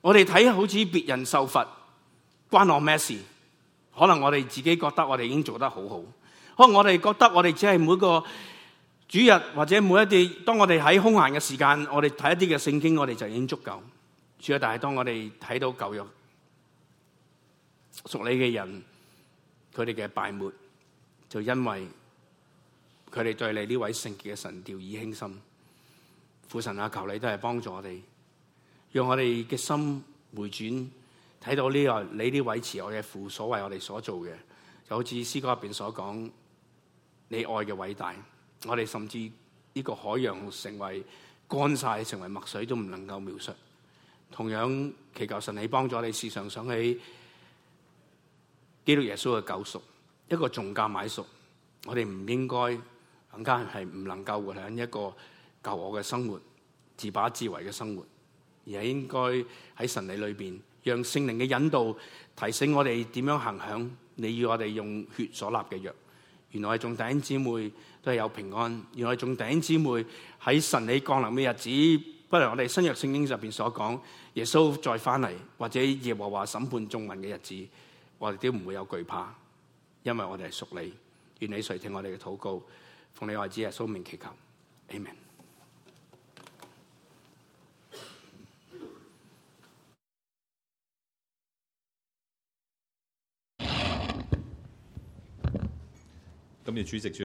我哋睇好似別人受罰。關我咩事？可能我哋自己覺得我哋已經做得好好，可能我哋覺得我哋只係每個主日或者每一啲，當我哋喺空閒嘅時間，我哋睇一啲嘅聖經，我哋就已經足夠。主要，但係當我哋睇到舊約屬你嘅人，佢哋嘅敗滅，就因為佢哋對你呢位聖潔嘅神掉以輕心。父神啊，求你都係幫助我哋，讓我哋嘅心回轉。睇到呢、這個你呢位慈愛嘅父，所為我哋所做嘅，就好似詩歌入面所講，你愛嘅偉大，我哋甚至呢個海洋成為乾晒，成為墨水都唔能夠描述。同樣祈求神你幫助你，時常想起基督耶穌嘅救贖，一個重價買贖。我哋唔應該更加係唔能夠喺一個舊我嘅生活、自把自為嘅生活，而係應該喺神裏裏面。讓聖靈嘅引導提醒我哋點樣行向你，與我哋用血所立嘅約。原來係眾弟兄姊妹都係有平安，原來係眾弟兄姊妹喺神你降臨嘅日子，不論我哋新約聖經入面所講耶穌再翻嚟，或者耶和華審判眾民嘅日子，我哋都唔會有懼怕，因為我哋係屬你。願你垂聽我哋嘅禱告，奉你兒子耶穌名祈求，阿門。今日主席住。